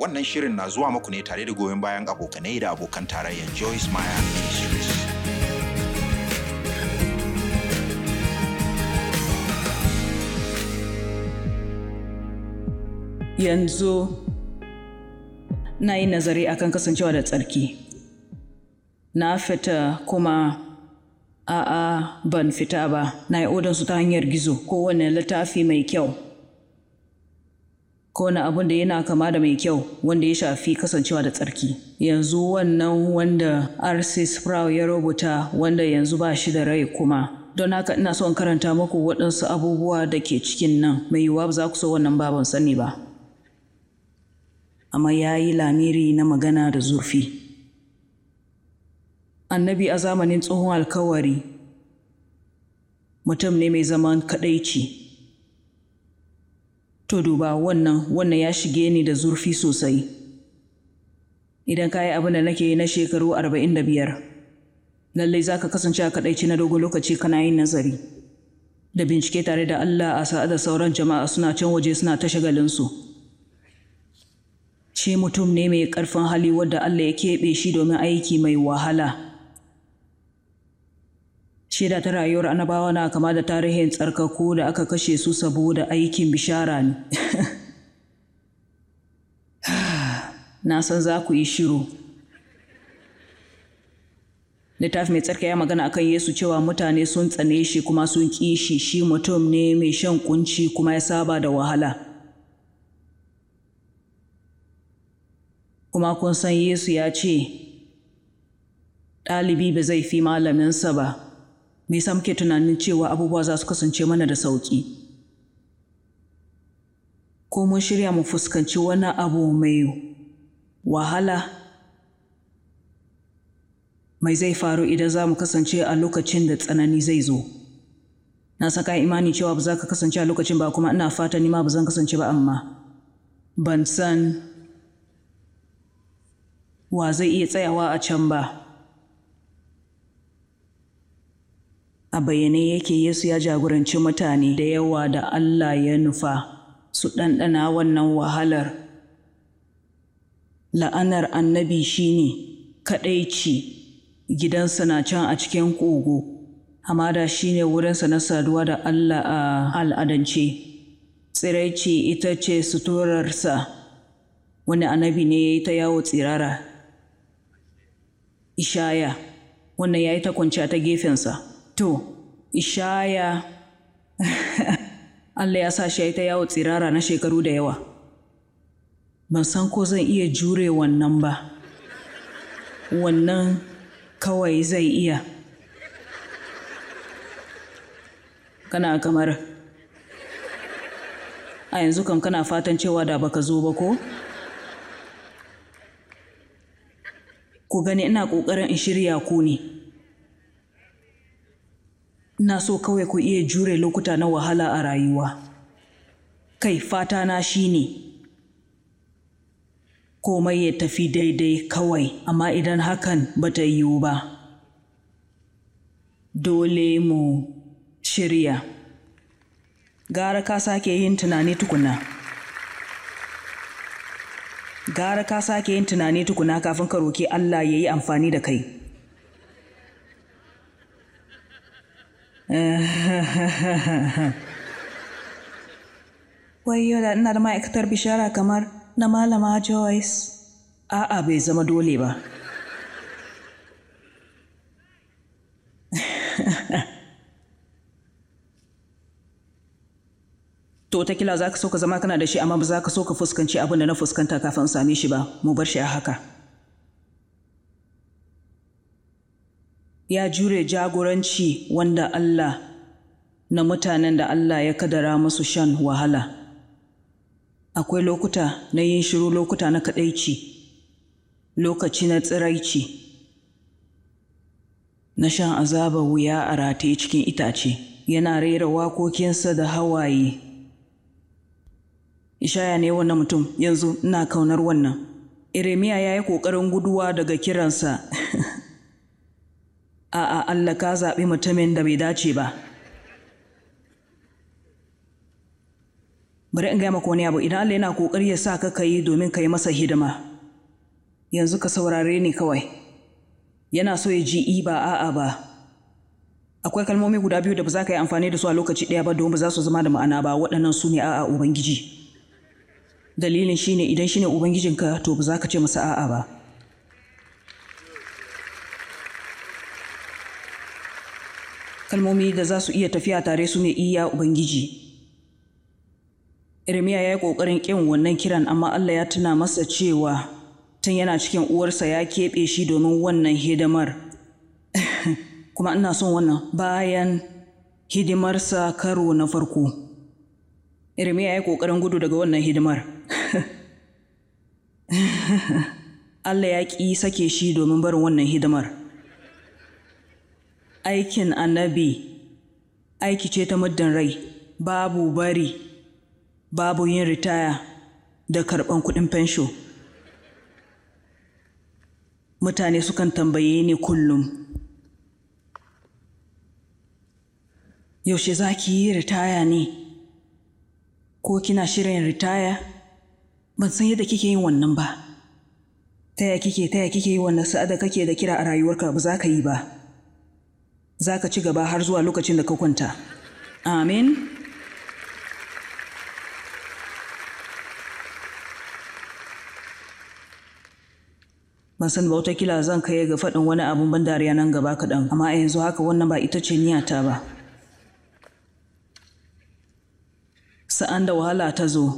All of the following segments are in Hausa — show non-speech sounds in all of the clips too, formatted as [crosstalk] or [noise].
Wannan shirin na zuwa muku ne tare da goyon bayan abokanai da abokan tarayyar Joyce Meyer Ministries. Yanzu na yi nazari akan kasancewa da tsarki. Na fita kuma a'a ban fita ba na yi odansu ta hanyar gizo kowane littafi mai kyau kowane abin da yana kama da mai kyau wanda ya shafi kasancewa da tsarki yanzu wannan wanda arsis frau ya rubuta wanda yanzu ba shi da rai kuma don haka ina son karanta muku waɗansu abubuwa da ke cikin nan mai yiwuwa ba za ku so wannan baban sani ba amma ya yi lamiri na magana da zurfi annabi a zamanin tsohon alkawari mutum ne mai zaman kaɗaici to duba wannan wannan ya shige ni da zurfi sosai idan ka yi abin da nake na shekaru arba'in da biyar lallai za ka kasance a kaɗaici na dogon lokaci kana yin nazari da bincike tare da Allah a sa'a sauran jama'a suna can waje suna ta shagalinsu shi mutum ne mai ƙarfin hali wadda Allah ya keɓe shi domin aiki mai wahala shida ta rayuwar annabawa na kama da tarihin tsarkaku da aka kashe su saboda aikin bishara ne. [sighs] Na san za ku yi shiru. Littafi mai tsarki ya magana akan Yesu cewa mutane sun tsane shi kuma sun ƙi shi, shi mutum ne mai shan kunci kuma ya saba da wahala. Kuma kun san Yesu ya ce, ɗalibi ba zai fi malaminsa ba. me yasa muke tunanin cewa abubuwa za su kasance mana da sauƙi ko mun shirya mu fuskanci wani abu mai wahala mai zai faru idan za mu kasance a lokacin da tsanani zai zo na saka imani cewa ba za ka kasance a lokacin ba kuma ina fata ni ma ba zan kasance ba amma ban san wa zai iya tsayawa a can ba A bayyane yake Yesu ya jagoranci mutane da yawa da Allah ya nufa su ɗanɗana wannan wahalar. La'anar annabi shine kaɗaici gidansa na can a cikin kogo, hamada shine wurinsa na saduwa da Allah a al'adance. Tsiraici ita ce suturarsa, wani annabi ne ya yi ta yawo tsirara. Ishaya, wannan ya yi ta kwanciya ta gefensa. to ishaya [laughs] Allah ya sa shi ya ta yawo tsirara na shekaru da yawa ban san ko zan iya jure wannan ba wannan kawai zai iya kana kamar a yanzu kam kana fatan cewa da baka zo ba ko ku gani ina ƙoƙarin in shirya ku ne Ina so kawai ku iya jure lokuta na wahala a rayuwa kai fata na shine komai ya tafi daidai kawai amma idan hakan bata yiwu ba dole mu shirya gara ka sake yin tunani tukuna gara ka sake yin tunani tukuna kafin ka roki Allah ya yi amfani da kai yau [laughs] da ina da ma'aikatar bishara kamar na Malama Joyce. A'a bai zama dole ba. [laughs] To ta kila za ka so ka zama kana da shi amma ba za ka so ka fuskanci abin da na fuskanta kafin same shi ba, mu bar shi a haka. ya jure jagoranci wanda Allah na mutanen da Allah ya kadara masu shan wahala. Akwai lokuta na yin shiru lokuta na kaɗaici, lokaci na tsiraici, na shan azabar wuya a rataye cikin itace, yana rera wakokinsa da hawaye. Ishaya ne wannan mutum yanzu ina kaunar wannan. Iremiya ya yi ƙoƙarin guduwa daga kiransa. [laughs] a'a Allah ka zaɓi mutumin da bai dace ba bari in gaya maka wani abu idan Allah yana kokari ya sa ka kai domin ka yi masa hidima yanzu ka saurare ni kawai yana so ya ji i ba a'a ba akwai kalmomi guda biyu da ba za ka yi amfani da su a lokaci ɗaya ba domin ba za su zama da ma'ana ba waɗannan su ne a'a ubangiji dalilin shine idan shine ubangijinka to ba za ka ce masa a'a ba kalmomi da za su iya tafiya tare su ne iya Ubangiji. Irmiya ya yi ƙoƙarin ƙin wannan kiran amma Allah ya tuna masa cewa tun yana cikin uwarsa ya keɓe shi domin wannan hidimar. [laughs] Kuma ina son wannan bayan hidimarsa karo na farko. Irmiya ya yi ƙoƙarin gudu daga wannan hidimar. [laughs] Allah ya ƙi sake shi domin barin wannan hidimar. aikin annabi aiki ce ta muddin rai babu bari babu yin ritaya da karɓan kuɗin fensho mutane sukan tambaye ni kullum yaushe za ki yi ritaya ne ko kina shirin ritaya ban san yadda kike yin wannan ba taya kike taya kike yi wannan sa'ada kake da kira a rayuwarka ba za ka yi ba za ka ci gaba har zuwa lokacin da ka kwanta amin ban san ba kila zan kai ga faɗin wani abun ban dariya nan gaba kaɗan amma a yanzu haka wannan ba ita ce niyata ba sa'an da wahala ta zo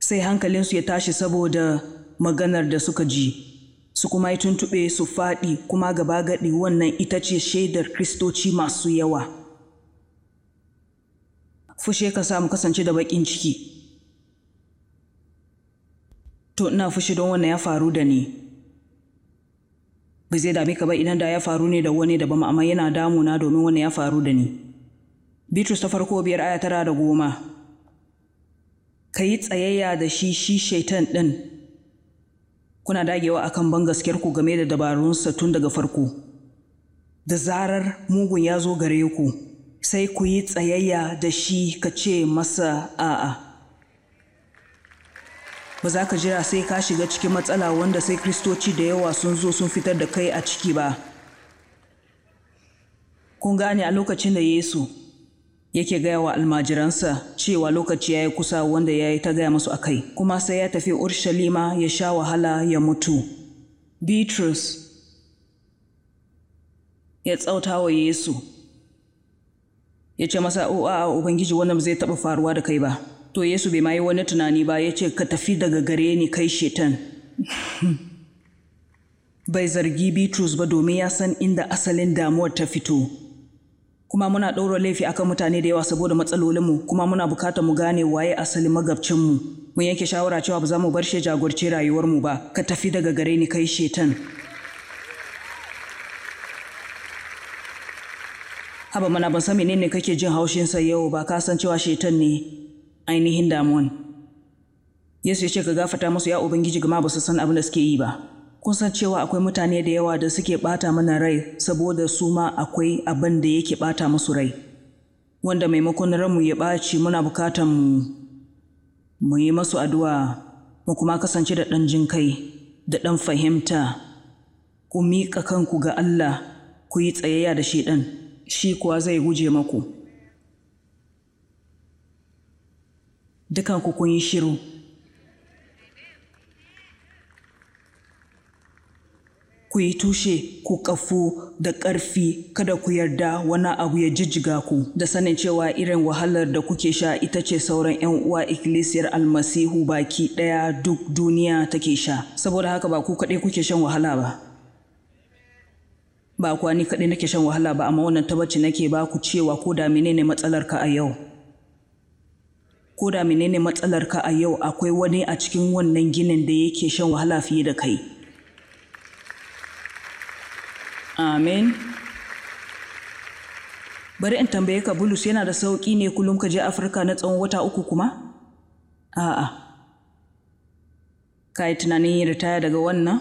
sai hankalinsu ya tashi saboda maganar da suka ji su kuma yi tuntuɓe su faɗi kuma gaba gaɗi wannan ita ce shaidar kristoci masu yawa. Fushe ka samu kasance da baƙin ciki. To ina fushi don wannan ya faru da ni. Ba zai dame ka ba idan da ya faru ne da wani daban amma yana damuna domin wannan ya faru da ni. Bitrus ta farko biyar aya tara da goma. Ka yi tsayayya da shi shi shaitan ɗin kuna dagewa akan ban gaskiyar ku game da dabarunsa tun daga farko da zarar mugun ya zo gare ku sai ku yi tsayayya da shi ka ce masa a'a ba za ka jira sai ka shiga cikin matsala wanda sai kristoci da yawa sun zo sun fitar da kai a ciki ba kun gane a lokacin da yesu yake gaya wa almajiransa cewa lokaci ya yi kusa wanda ya yi ta gaya masu akai kuma sai ya tafi urshalima ya sha wahala ya mutu bitrus ya tsauta wa yesu ya ce masa o a ubangiji wannan zai taɓa faruwa da kai ba to yesu bai ma yi wani tunani ba ya ce ka tafi daga gare ni kai shetan [laughs] bai zargi bitrus ba domin ya san inda asalin damuwar ta fito kuma muna ɗaura laifi akan mutane da yawa saboda matsalolinmu kuma muna bukatar mu gane waye asalin magabcinmu mun yanke shawara cewa ba za mu bar shi jagorce rayuwarmu ba ka tafi daga gare ni kai shetan haba mana ban san menene kake jin haushin sa yau ba ka san cewa shetan ne ainihin damuwan yesu ya ce ka gafata musu ya ubangiji gama ba su san abin da suke yi ba kun san cewa akwai mutane da yawa da suke ɓata mana rai saboda su ma akwai abin da yake ɓata musu rai wanda maimakon ranmu ya ɓaci muna bukatan mu yi masu addu'a mu kuma kasance da ɗan jin kai da ɗan fahimta ku miƙa kanku ga Allah ku yi tsayayya da shi shi kuwa zai guje maku dukanku kun yi shiru ku yi tushe ku kafu da ƙarfi kada ku yarda wani abu ya jijjiga ku da sanin cewa irin wahalar da kuke sha ita ce sauran 'yan uwa ikkilisiyar almasihu baki ɗaya duk duniya take sha saboda haka ba ku kaɗai kuke shan wahala ba ba ni kaɗai nake shan wahala ba amma wannan tabbaci nake ba ku cewa ko da menene matsalar ka a yau ko da menene matsalar ka a yau akwai wani a cikin wannan ginin da yake shan wahala fiye da kai Amin. Bari in tambaye ka Bulus yana da sauƙi ne kullum ka je Afirka na tsawon wata uku kuma? A'a. Ka yi tunanin yin ritaya daga wannan?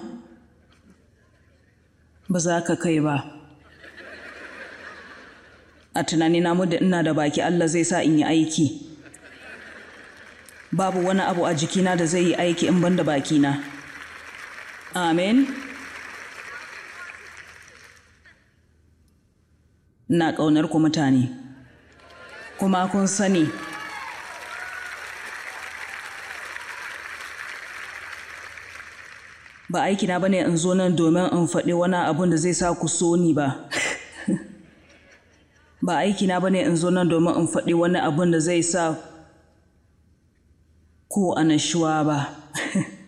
Ba za ka kai ba. A tunani na muda ina da baki Allah zai sa in yi aiki. Babu wani abu a jikina da zai yi aiki in banda da bakina. Amin. ina ƙaunar ku mutane kuma kun sani ba aikina ba ne in zo nan domin in faɗi wani abun da zai sa ku so ni ba [laughs] ba aikina ba ne in zo nan domin in faɗi wani abun da zai sa ko anashuwa ba [laughs]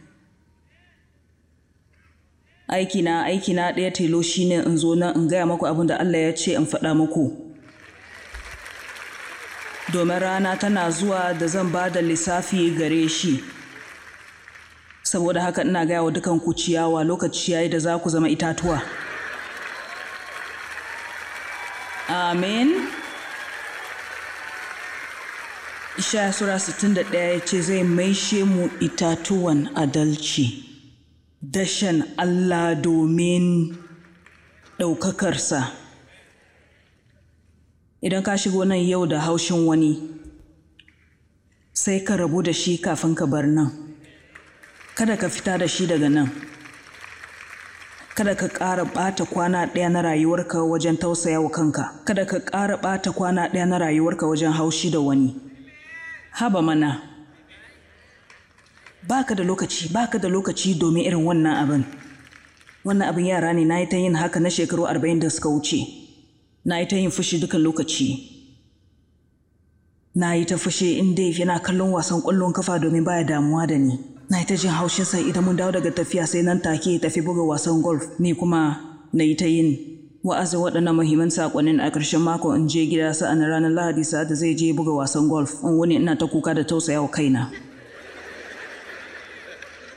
aikina aikina ɗaya tilo shine in zo nan in gaya maku abin da Allah ya ce in faɗa muku domin rana tana zuwa da zan ba da lissafi gare shi saboda haka ina gaya wa dukan ku ciyawa lokaci yayi da za ku zama itatuwa amin Ishaya Sura 61 ya ce zai maishe mu itatuwan adalci. dashen Allah domin ɗaukakarsa. Idan ka shigo nan yau da haushin wani, sai ka rabu da shi kafin ka bar nan. Kada ka fita da shi daga nan. Kada ka ƙara ɓata kwana ɗaya na rayuwarka wajen tausaya wa kanka. Kada ka ƙara ɓata kwana ɗaya na rayuwarka wajen haushi da wani. Haba mana. baka da lokaci baka da lokaci domin irin wannan abin wannan abin yara ne na yi ta yin haka na shekaru arba'in da suka wuce na yi ta yin fushi dukan lokaci na yi ta fushi in Dave yana kallon wasan ƙwallon kafa domin baya damuwa da ni na yi ta jin haushin sa idan mun dawo daga tafiya sai nan take tafi buga wasan golf ni kuma na yi ta yin wa'azin waɗannan muhimman saƙonin a ƙarshen mako in je gida na ranar lahadi sa'ad da zai je buga wasan golf in wani ina ta kuka da tausayawa kaina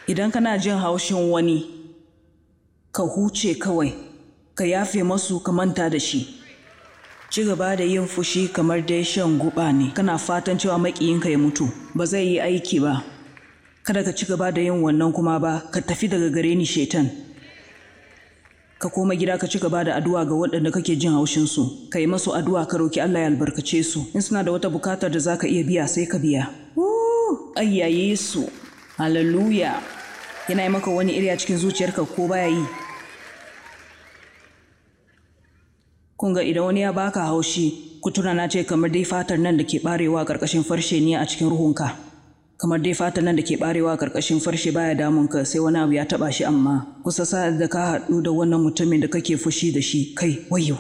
idan kana jin haushin wani ka huce kawai ka yafe masu ka manta da shi ci gaba da yin fushi kamar dai shan guba ne kana fatan cewa maƙiyinka ya mutu ba zai yi aiki ba kada ka ci gaba da yin wannan kuma ba ka tafi daga gare ni shetan ka koma gida ka ci gaba da addu'a ga waɗanda kake jin haushin su ka yi masu addu'a ka roki Allah ya albarkace su in suna da wata bukatar da zaka iya biya sai ka biya ayyaye su hallelujah yana yi maka wani iri a cikin zuciyarka ko baya yi kun ga idan wani ya baka haushi kutura na ce kamar dai fatar nan da ke barewa a farshe ne a cikin ruhunka kamar dai fatar nan da ke barewa a ƙarƙashin farshe baya ka sai wani abu ya taba shi amma kusa sa'ad da ka haɗu da wannan mutumin da kake fushi da shi kai wayo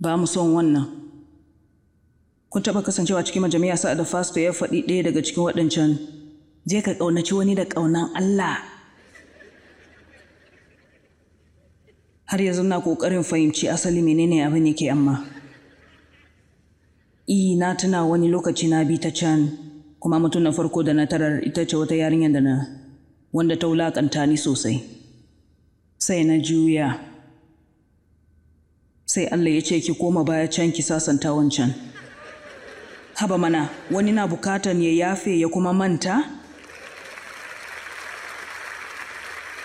ba mu son wannan kun taba kasancewa cikin majami'a sa'ad da fasto ya faɗi ɗaya daga cikin waɗancan je ka ƙaunaci wani da ƙaunan Allah har yanzu na ƙoƙarin fahimci asali menene abin ke amma i na tuna wani lokaci na bi ta can kuma mutum na farko da na tarar ita ce wata yarinyar da na wanda ta wulaƙanta ni sosai sai na juya sai Allah ya ce ki koma baya can ki sasanta wancan haba mana wani na bukatan ya yafe ya kuma manta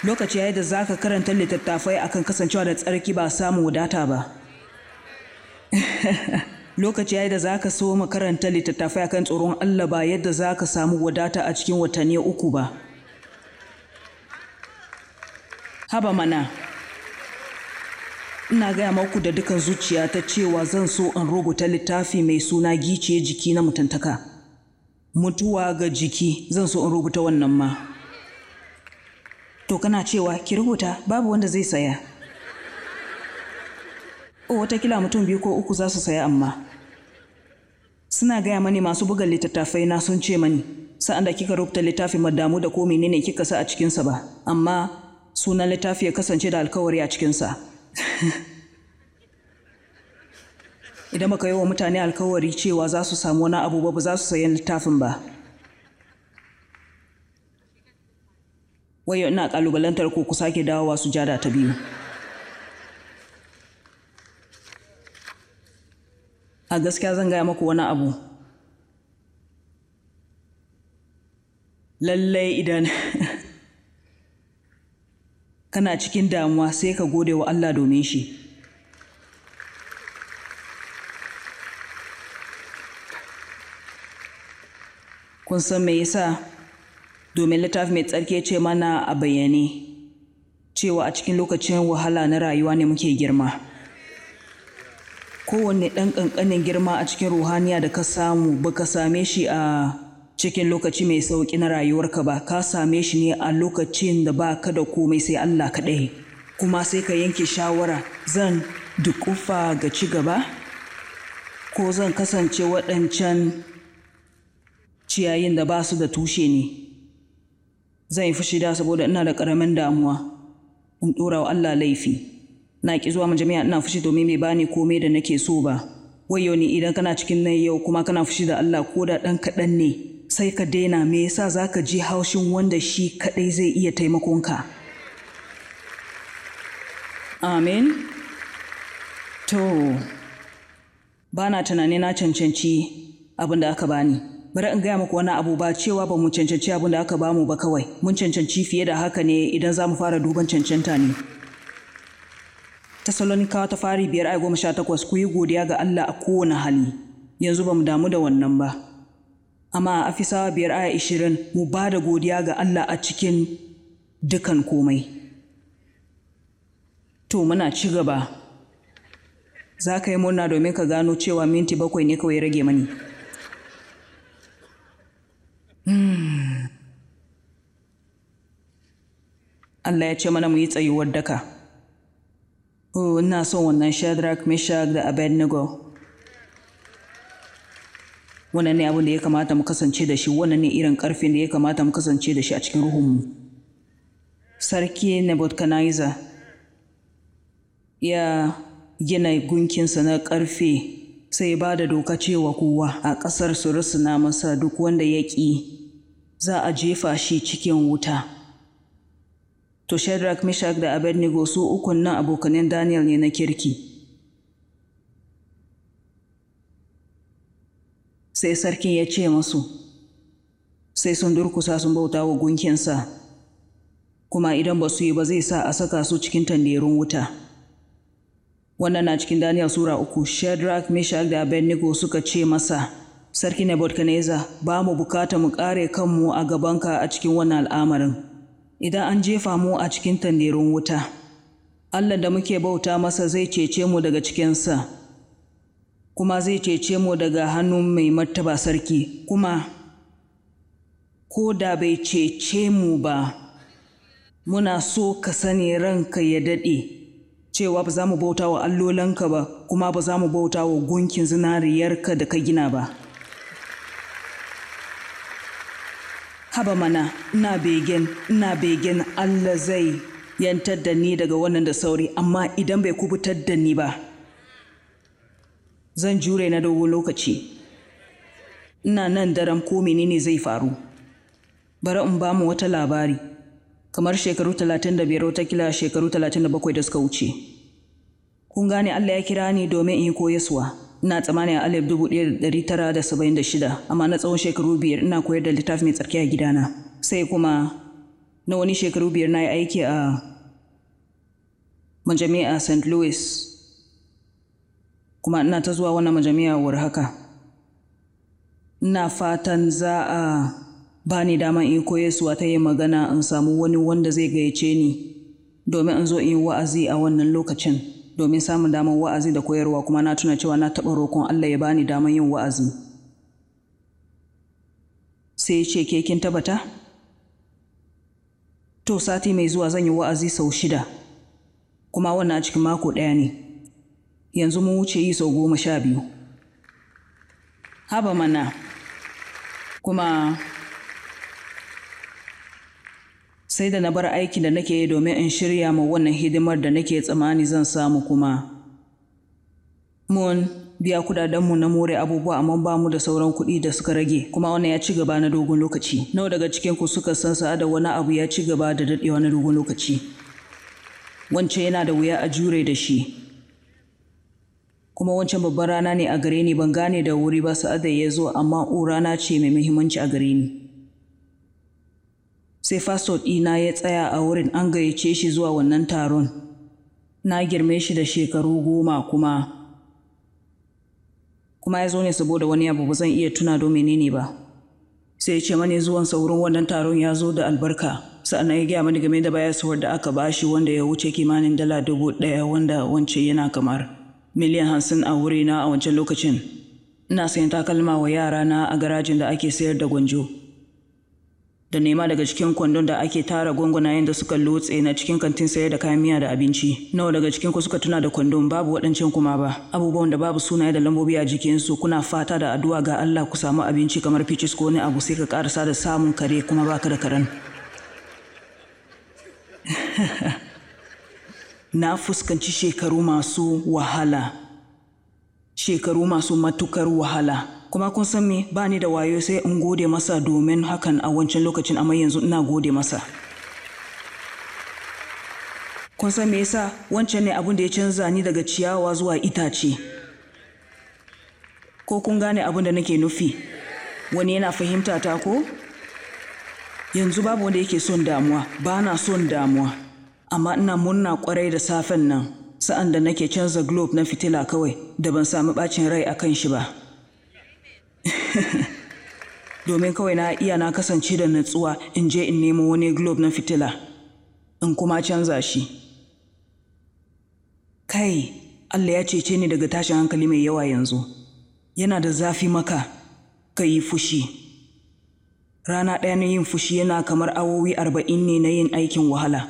lokaci ya yi da zaka karanta littattafai akan kasancewa da tsarki ba samun wadata ba [laughs] lokaci ya yi da za ka so mu karanta littattafai akan tsoron Allah ba yadda za ka samu wadata a cikin watanni uku ba haba mana ina gaya maku da dukan zuciya ta cewa zan so in rubuta littafi mai suna gice jiki na mutuntaka mutuwa ga jiki zan so in rubuta wannan ma to kana cewa ki rubuta babu wanda zai saya o kila mutum biyu ko uku za su saya amma suna gaya mani masu buga littattafai na sun ce mani sa'an da kika rubuta littafin damu da ko menene kika sa a cikinsa ba amma sunan littafi ya kasance da alkawari a cikinsa [laughs] idan baka yi wa mutane alkawari cewa za su samu wani abu ba ba za su sayan littafin ba wayo ina kalubalantar ko ku sake dawowa sujada ta biyu a gaskiya zan gaya maku wani abu lallai idan [laughs] kana cikin damuwa sai ka gode wa Allah domin shi kun san me yasa domin littafi mai tsarki ce mana a bayyane cewa a cikin lokacin wahala na rayuwa ne muke girma kowanne ɗan ƙanƙanin girma a cikin ruhaniya da ka samu ba ka same shi a cikin lokaci mai sauƙi na rayuwarka ba ka same shi ne a lokacin da ba ka da komai sai Allah kaɗai kuma sai ka yanke shawara zan dukufa ga ci gaba ko zan kasance waɗancan ciyayin da ba su da tushe ne zan yi fushi da saboda ina da karamin damuwa in ɗora wa Allah laifi na ki zuwa majami'a ina fushi domin bai bani komai da nake so ba wayo ni idan kana cikin nan yau kuma kana fushi da Allah ko da ɗan kaɗan ne sai ka daina me yasa zaka ka ji haushin wanda shi kaɗai zai iya taimakonka amin to ba tunani na cancanci abin da aka bani. bari in gaya muku wani abu ba cewa ba mu cancanci abin da aka ba mu ba kawai mun cancanci fiye da haka ne idan za mu fara duban cancanta ne tasalonikawa ta fari biyar ai goma sha takwas ku yi godiya ga Allah a kowane hali yanzu ba mu damu da wannan ba amma a afisawa biyar ai ishirin mu ba da godiya ga Allah a cikin dukan komai to muna ci gaba za ka yi murna domin ka gano cewa minti bakwai ne kawai rage mani Allah ya ce mana mu yi tsayuwar daka. Oh, ina son wannan Shadrach, Meshach da Abednego. Wannan ne abin da ya kamata mu kasance da shi, wannan ne irin ƙarfin da ya kamata mu kasance da shi a cikin ruhunmu. Sarki Nebuchadnezzar ya gina gunkinsa na ƙarfe sai ba da doka cewa kowa a ƙasar su na masa duk wanda ya ƙi za a jefa shi cikin wuta. To Shadrach, Meshach da Abednego su ukun nan abokanin Daniel ne na kirki. Sai sarkin ya ce masu, sai sun durkusa sun bauta wa gunkinsa, kuma idan ba su yi ba zai sa a saka su cikin tanderun wuta. wannan na cikin Daniel Sura uku, Shadrach, Meshach da Abednego suka ce masa, Sarki Nebuchadnezzar, ba mu bukata mu kare kanmu a gabanka a cikin wannan al'amarin, idan an jefa mu a cikin tanderun wuta. Allah da muke bauta masa zai cece mu daga cikinsa, kuma zai cece mu daga hannun mai martaba sarki, kuma ko da bai cece mu ba, muna so ka sani ranka ya daɗe. cewa ba za mu bauta wa allolanka ba kuma ba za mu bauta wa gunkin zinariyarka da ka gina ba haba mana ina begen ina begen allah zai yantar da ni daga wannan da sauri amma idan bai kubutar da ni ba zan jure na dogon lokaci ina nan daren ko menene zai faru bari in ba mu wata labari kamar shekaru 35 kila shekaru 37 da suka wuce. Kun gane Allah ya kira ni domin in yi koyaswa. Ina tsammanin a alif 1976 amma na tsawon shekaru biyar ina koyar da littafi mai tsarki a gidana. Sai kuma na wani shekaru biyar na yi aiki a majami'a St. Louis. Kuma ina ta zuwa wannan majami'a war haka. Ina fatan za a ba ni daman in su ta yin magana in samu wani wanda zai gayyace ni domin in zo in yi wa'azi a wannan lokacin domin samun daman wa'azi da koyarwa kuma na tuna cewa na taɓa rokon Allah ya bani daman yin wa'azi. Sai ce ke kin tabbata? To sati mai zuwa zan yi wa'azi sau shida, kuma wannan a cikin mako ɗaya ne. Yanzu mun wuce yi sau goma sha biyu. Haba mana, kuma sai da na bar aiki da nake domin in shirya ma wannan hidimar da nake tsammani zan samu kuma. Mun biya kudadenmu na more abubuwa amma ba mu da sauran kuɗi da suka rage kuma wani ya ci gaba na dogon lokaci. Nawa daga cikin ku suka san sa'a da wani abu ya ci gaba da daɗewa na dogon lokaci. Wancan yana da wuya a jure da shi. Kuma wancan babban rana ne a gare ni ban gane da wuri ba sa'ada ya zo amma rana ce mai muhimmanci a gare ni. sai fasto ɗina ya tsaya a wurin an gayyace shi zuwa wannan taron na girme shi da shekaru goma kuma kuma ya zo ne saboda wani abu ba zan iya tuna do menene ba sai ya ce mani zuwan saurin wannan taron ya zo da albarka sa'annan ya gaya mani game da baya suwar da aka bashi wanda ya wuce kimanin dala dubu ɗaya wanda wance yana kamar miliyan hamsin a wurina a wancan lokacin ina sayan takalma wa yarana a garajin da ake sayar da gwanjo da nema daga cikin kwandon da ake tara gwangwanayen da suka lotse na cikin kantin sayar da kayan miya da abinci nawa daga cikin ku suka tuna da kwandon babu waɗancan kuma ba abubuwan da babu sunaye da lambobi a jikinsu kuna fata da addu'a ga Allah ku samu abinci kamar ficis ko wani abu sai ka karasa da samun kare kuma baka da karen [laughs] na fuskanci shekaru masu wahala shekaru masu matukar wahala kuma kun san me ba ni da wayo sai in gode masa domin hakan a wancan lokacin amma yanzu ina gode masa kun san me yasa wancan ne abin da ya canza ni daga ciyawa zuwa itace ko kun gane abin da nake nufi wani yana fahimta ta ko yanzu babu wanda yake son damuwa ba na son damuwa amma ina murna kwarai da safen nan sa'an da nake canza globe na fitila kawai da ban samu bacin rai a kan shi ba [laughs] domin kawai na iya na kasance da natsuwa in je in nemo wani globe na fitila in kuma canza shi kai allah ya cece ni daga tashin hankali mai yawa yanzu yana da zafi maka ka yi fushi rana ɗaya na yin fushi yana kamar awowi arba'in ne na yin aikin wahala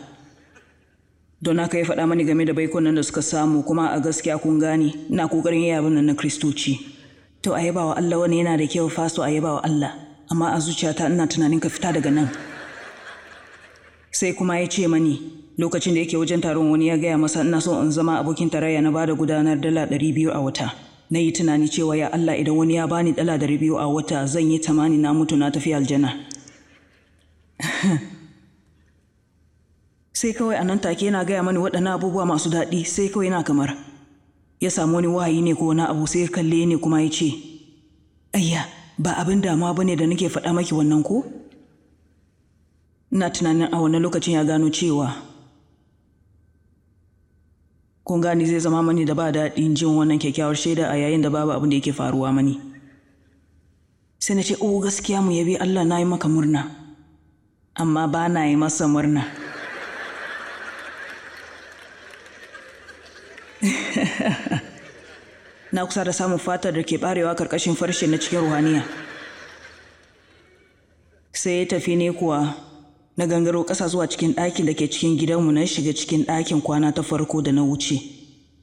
don haka ya faɗa mani game da baikon nan da suka samu kuma a gaskiya kun gane na ƙoƙarin yi abin nan na kristoci To a yaba wa Allah wani yana da kyau faso a yaba wa Allah, amma a zuciyata ina tunanin ka fita daga nan. Sai kuma ya ce mani lokacin da yake wajen taron wani ya gaya masa ina so in zama abokin tarayya na bada gudanar dala ɗari biyu a wata. Na yi tunani cewa ya Allah idan wani ya bani dala ɗari biyu a wata zan yi tamani na mutu na tafi aljana. [laughs] sai kawai a nan take yana gaya mani waɗannan abubuwa masu daɗi sai kawai yana kamar ya samu wani wahayi ne ko wani abu sai ya kalle ne kuma ya ce ayya ba abin damuwa ne da nake faɗa maki wannan ko ina tunanin a wannan lokacin ya gano cewa kun gani zai zama mani da ba daɗin jin wannan kyakkyawar shaida a yayin da babu abin da yake faruwa mani sai na ce o oh, gaskiya mu yabi Allah na yi maka murna amma ba na yi masa murna [laughs] na kusa da samun fatar da ke barewa karkashin farshe na cikin ruhaniya sai ya tafi ne kuwa na gangaro ƙasa zuwa cikin ɗakin da ke cikin gidanmu na shiga cikin ɗakin kwana ta farko da na wuce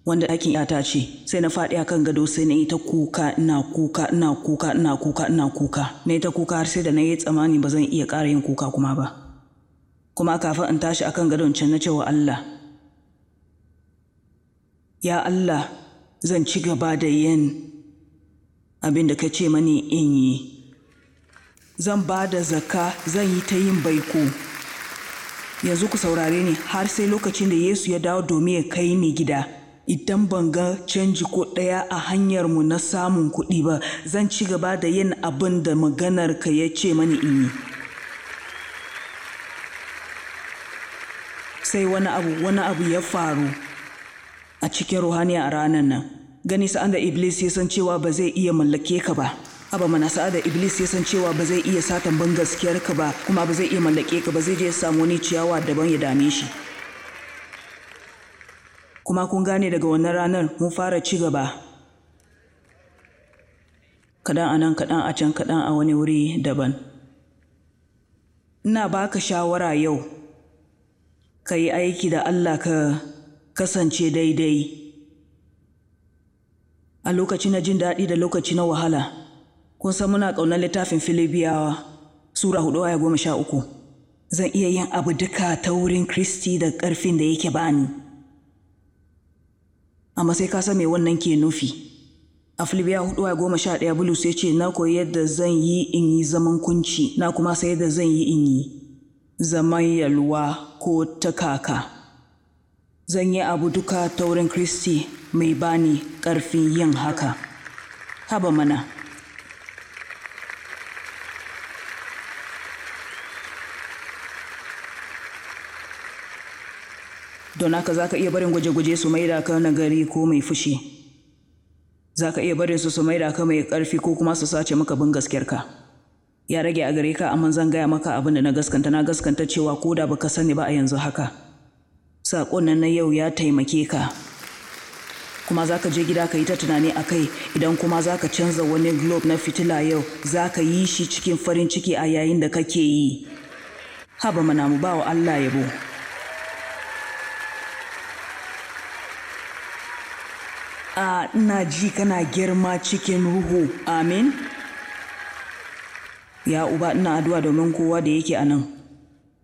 wanda ɗakin ya ce sai na faɗi akan gado sai na yi ta kuka ina kuka ina kuka ina kuka ina kuka na yi ta kuka har sai da na yi tsammani ba zan iya ƙara yin kuka kuma ba kuma kafin in tashi akan gadon can na cewa Allah ya Allah zan ci gaba da yin abin da ka ce mani in yi zan ba da zaka zan yi ta yin baiko yanzu ku saurare ni har sai lokacin da yesu ya dawo domin ya kai ni gida idan ban ga canji ko ɗaya a hanyar mu na samun kuɗi ba zan ci gaba da yin abin da maganar ka ya ce mani in yi sai wani abu wani abu ya faru a cikin ruhaniya a ranar nan gani sa'an da iblis ya san cewa ba zai iya mallake ka ba aba mana sa'a da iblis ya san cewa ba zai iya satan ban gaskiyar ka ba kuma ba zai iya mallake ka ba zai je samu wani ciyawa daban ya dame shi kuma kun gane daga wannan ranar mun fara ci gaba kaɗan anan kadan a can kaɗan a wani wuri daban ina baka shawara yau ka yi aiki da allah ka kasance daidai a lokaci na jin daɗi da lokaci na wahala kun san muna ƙaunar littafin filibiyawa sura hudu aya goma sha uku zan iya yin abu duka ta wurin kristi da ƙarfin da yake bani amma sai ka san me wannan ke nufi a filibiya hudu a goma sha ɗaya bulus ya ce na koyi yadda zan yi in yi zaman kunci na kuma sai yadda zan yi in yi zaman yalwa ko ta kaka zan yi abu duka ta wurin kristi mai bani ƙarfin yin haka haba mana don haka za ka iya barin gwaje-gwaje su maida ka nagari ko mai fushi za ka iya barin su su maida ka mai ƙarfi ko kuma su sace maka bin gaskiyarka ya rage a gare ka amma zan gaya maka abin da na gaskanta na gaskanta cewa ko da baka sani ba a yanzu haka saƙon nan na yau ya taimake ka kuma za ka je gida ka yi ta tunani a kai idan kuma za ka canza wani globe na fitila yau za ka yi shi cikin farin ciki a yayin da kake yi haba mana mu ba wa allah yabo a ina ji kana girma cikin ruhu amin ya uba ina addu'a domin kowa da yake a nan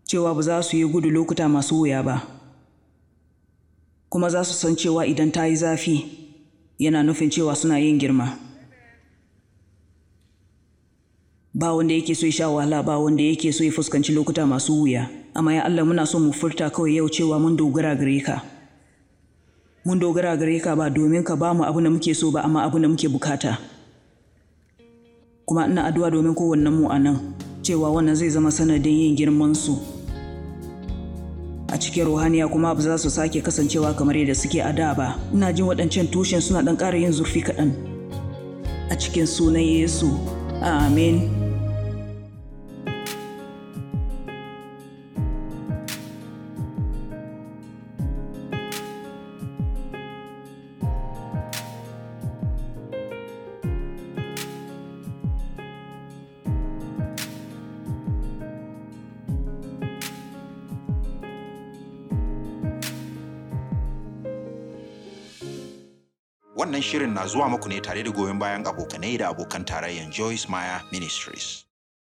cewa ba za su yi gudu lokuta masu wuya ba kuma za su san cewa idan ta yi zafi yana nufin cewa suna yin girma ba wanda yake so ya sha wahala ba wanda yake so ya fuskanci lokuta masu wuya amma ya Allah muna so mu furta kawai yau cewa mun dogara gare ka mun dogara gare ka ba domin ka ba mu abu da muke so ba amma abu da muke bukata kuma ina addu'a domin kowannen mu a nan cewa wannan zai zama sanadin yin girman su a cikin ruhaniya kuma ba za su sake kasancewa kamar yadda suke a da ba ina jin waɗancan tushen suna ɗan ƙara yin zurfi kaɗan a cikin sunan yesu amin shirin na zuwa muku ne tare da goyon bayan abokanai da abokan tarayyan Joyce Meyer Ministries.